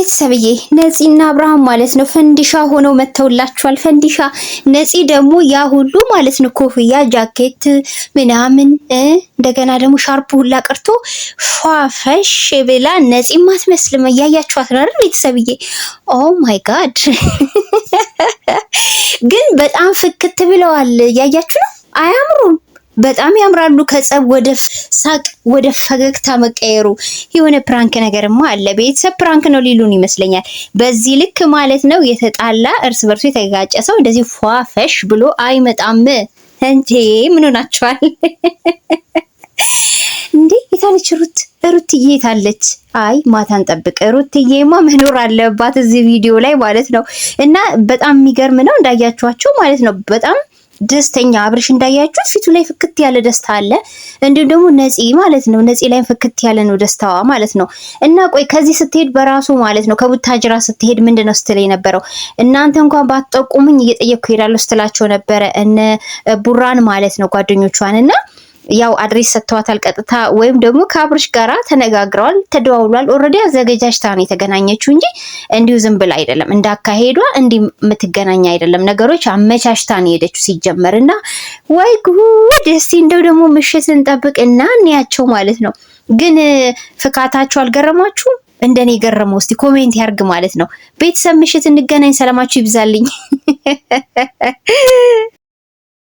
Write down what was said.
ቤተሰብዬ ነፂና አብርሃም ማለት ነው ፈንዲሻ ሆነው መተውላችኋል። ፈንዲሻ ነፂ ደግሞ ያ ሁሉ ማለት ነው ኮፍያ፣ ጃኬት ምናምን እንደገና ደግሞ ሻርፕ ሁላ ቀርቶ ፏፈሽ ብላ ነፂም ማትመስልም እያያችኋት ነው ቤተሰብዬ። ኦ ማይ ጋድ ግን በጣም ፍክት ብለዋል። እያያችሁ ነው። አያምሩም? በጣም ያምራሉ። ከጸብ ወደ ሳቅ ወደ ፈገግታ መቀየሩ የሆነ ፕራንክ ነገርማ አለ። ቤተሰብ ፕራንክ ነው ሊሉን ይመስለኛል። በዚህ ልክ ማለት ነው። የተጣላ እርስ በርሱ የተጋጨ ሰው እንደዚህ ፏፈሽ ብሎ አይመጣም። እንዴ ምን ሆናችኋል እንዴ? የታለች ሩት? ሩትዬ የታለች? አይ ማታ እንጠብቅ። ሩትዬማ መኖር አለባት እዚህ ቪዲዮ ላይ ማለት ነው። እና በጣም የሚገርም ነው እንዳያችኋቸው ማለት ነው በጣም ደስተኛ አብርሽ እንዳያችሁት ፊቱ ላይ ፍክት ያለ ደስታ አለ። እንዲሁም ደግሞ ነፂ ማለት ነው ነፂ ላይ ፍክት ያለ ነው ደስታዋ ማለት ነው። እና ቆይ ከዚህ ስትሄድ በራሱ ማለት ነው ከቡታጅራ ስትሄድ ምንድነው ስትል የነበረው እናንተ እንኳን ባትጠቁሙኝ እየጠየቅኩ ሄዳለሁ ስትላቸው ነበረ እነ ቡራን ማለት ነው ጓደኞቿን እና ያው አድሬስ ሰጥተዋታል ቀጥታ ወይም ደግሞ ከአብርሽ ጋራ ተነጋግረዋል፣ ተደዋውሏል። ኦልሬዲ አዘገጃጅታ ነው የተገናኘችው እንጂ እንዲሁ ዝም ብላ አይደለም። እንዳካሄዷ እንዲህ የምትገናኝ አይደለም። ነገሮች አመቻችታ ነው የሄደችው ሲጀመር እና ወይ ጉድ! እስቲ እንደው ደግሞ ምሽት እንጠብቅ እና እንያቸው ማለት ነው። ግን ፍካታችሁ አልገረማችሁም? እንደኔ ገረመው እስቲ ኮሜንት ያርግ ማለት ነው። ቤተሰብ ምሽት እንገናኝ። ሰላማችሁ ይብዛልኝ።